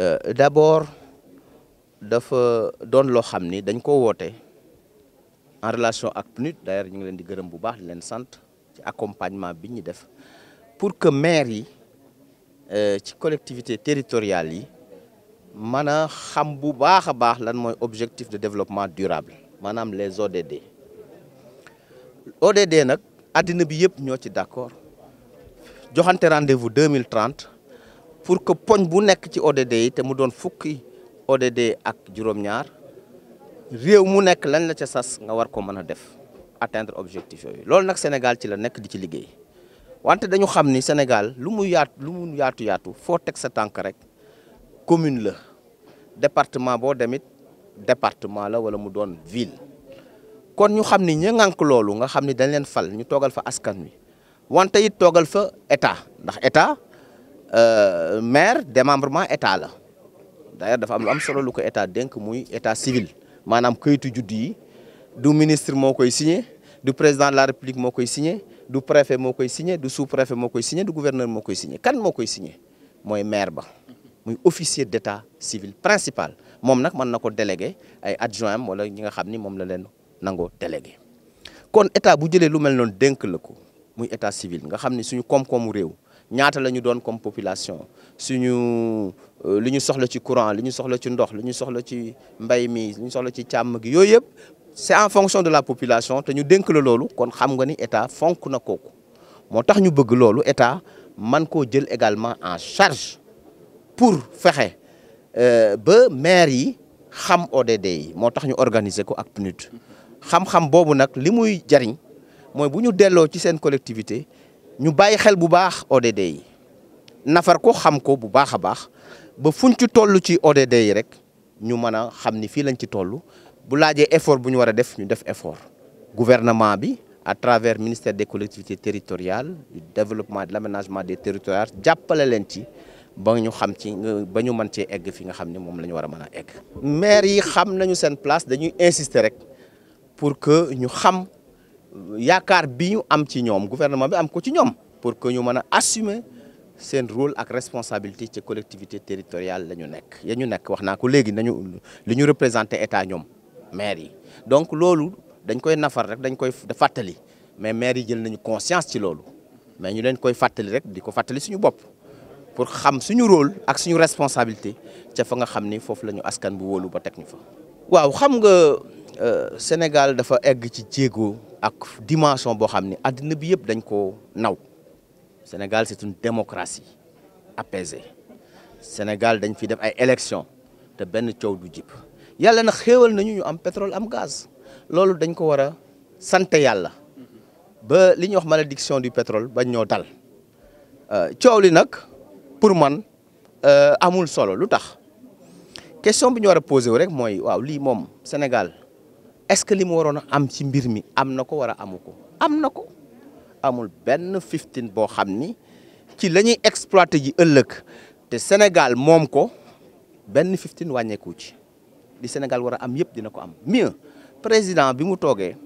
Euh, d'abord dafa doon loo xam ni dañ ko woote en relation ak PNUD d'ailleurs ñu ngi leen di gërëm bu baax di leen sant ci accompagnement bi ñu def pour que maire yi euh, ci collectivité territoriale yi mën a xam bu baax a baax lan mooy objectif de développement durable maanaam les ODD ODD nag àddina bi yëpp ñoo ci d'accord joxante rendez-vous 2030 pour que poñ bu nekk ci ODD yi te mu doon fukki ODD ak juróom-ñaar réew mu nekk lañ la ca sas nga war ko mën a def atteindre objectif yooyu loolu nag Sénégal ci la nekk di ci liggéey wante dañu xam ni Sénégal lu mu yaatu lu mu yaatu yaatu foo teg sa tànk rek commune la département boo demit département la wala mu doon ville kon ñu xam ni ña ngànk loolu nga xam ni dañ leen fal ñu toogal fa askan wi wante it toogal fa état ndax état Euh, maire demembrement état la d'ailleurs dafa am lu solo lu ko état dénk muy état civil maanaam kayitu judd yi du ministre moo koy signé du président de la république moo koy signé du préfet moo koy signé du sous préfet moo koy signé du gouverneur moo koy signé kan moo koy signé mooy maire ba muy officier d'état civil principal moom nag mën na ko délégué ay adjoint am wala ñi nga xam ni moom la leen nangoo délégué kon état bu jëlee lu mel noonu dénk la ko muy état civil nga xam ni suñu koom réew ñaata la ñu doon comme population suñu euh, li ñu soxla ci courant li ñu soxla ci ndox li ñu soxla ci mbay mi li ñu soxla ci càmm gi yooyu yëpp c'est en fonction de la population te ñu dénk la loolu kon xam nga ni état fonk na kooku moo tax ñu bëgg loolu état man koo jël également en charge pour fexe euh, ba maire yi xam ODD moo tax ñu organiser ko ak PNUD xam-xam boobu nag li muy jariñ mooy bu ñu delloo ci seen collectivité ñu bàyyi xel bu baax ODD yi nafar ko xam ko bu baax a baax ba fuñ ci toll ci ODD yi rek ñu mën a xam ni fii lañ ci toll bu laajee effort bu ñu war a def ñu def effort. gouvernement bi à travers ministère de collectivités territoriales du développement de l'aménagement des territoires jàppale leen ci ba ñu xam ci ba ñu mën cee egg fi nga xam ne moom la ñu war a mën a egg. maire xam nañu seen place dañuy insister rek pour que ñu xam. yaakaar bi ñu am ci ñoom gouvernement bi am ko ci ñoom pour que ñu mën a assumer seen rôle ak responsabilité ce collectivité territoriale la ñu nekk ya ñu nekk wax naa ko léegi nañu li ñu représenté état ñoom maire yi donc loolu dañ koy nafar rek dañ koy fàttali mais maire yi jël nañu conscience ci loolu mais ñu leen koy fàttali rek di ko fàttali suñu bopp pour xam suñu rôle ak suñu responsabilité ca fa nga xam ni foofu la ñu askan bu wóolu ba teg ñu fa waaw xam Euh, Sénégal dafa egg ci jéego ak dimension boo xam ne àddina bi yëpp dañ ko naw Sénégal c'est une démocratie apaisée Sénégal dañ fi def ay élections te benn coow du jib yàlla na xéewal nañu ñu am pétrole am gaz loolu dañ ko war a sant yàlla ba li ñuy wax malédiction du pétrole bañ ñoo dal euh, coow li nag pour man euh, amul solo lu tax question bi ñu war a posé wu rek mooy waaw lii moom Sénégal. est-ce que li mu waroon a am ci mbir mi am na ko war a amu ko am na ko amul benn fifteen boo xam ni ci lañuy ñuy exploité ji ëllëg te Sénégal moom ko benn fifteen wàññeeku ci li Sénégal war a am yëpp dina ko am mieux président bi mu toogee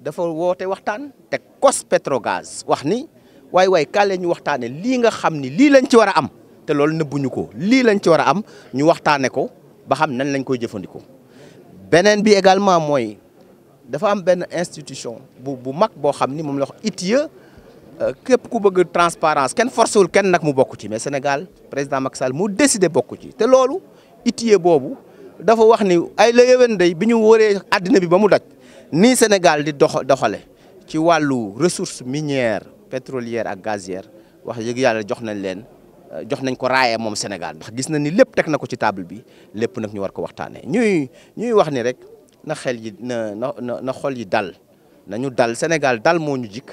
dafa woote waxtaan te cos Petrogaz wax ni waay waay kaale ñu waxtaanee lii nga xam ni lii lañ ci war a am te loolu nëbbuñu ko lii lañ ci war a am ñu waxtaanee ko ba xam nan lañ koy jëfandikoo. beneen bi également mooy dafa am benn institution bu bu mag boo xam ni moom la wax ITIE euh, képp ku bëgg transparence kenn forcewul kenn nag mu bokk ci mais Sénégal président Macky Sall mu décidé bokku ci te loolu ITIE boobu dafa wax ni ay la yéwén day bi ñu wëree àddina bi ba mu daj nii Sénégal di dox doxale ci wàllu ressource minière pétrolière ak gazière wax yëg yàlla jox nañ leen Euh, jox nañ ko raayee moom Sénégal ndax gis na ni lépp teg na ko ci table bi lépp nag ñu war ko waxtaanee ñuy ñuy wax ni rek na xel yi na na na xol yi dal nañu dal Sénégal dal moo ñu jik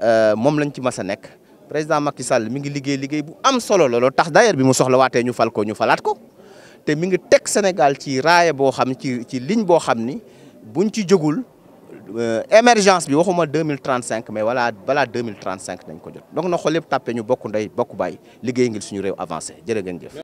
euh, moom lañ ci mas a nekk président Macky Sall mi ngi liggéey liggéey bu am solo looloo tax d'ailleurs bi mu soxla waatee ñu fal ko ñu falaat ko te mi ngi teg Sénégal ci raaya boo xam ci ci ligne boo xam ni buñ ci jógul Euh, émergence bi waxuma deux mille trente cinq mais voilà balaa deux mille trente cinq dañ ko jot donc na xool yëpp tàppe ñu bokk ndey bokk bàyyi liggéey ngir suñu réew avancé jëre ngeen jëf.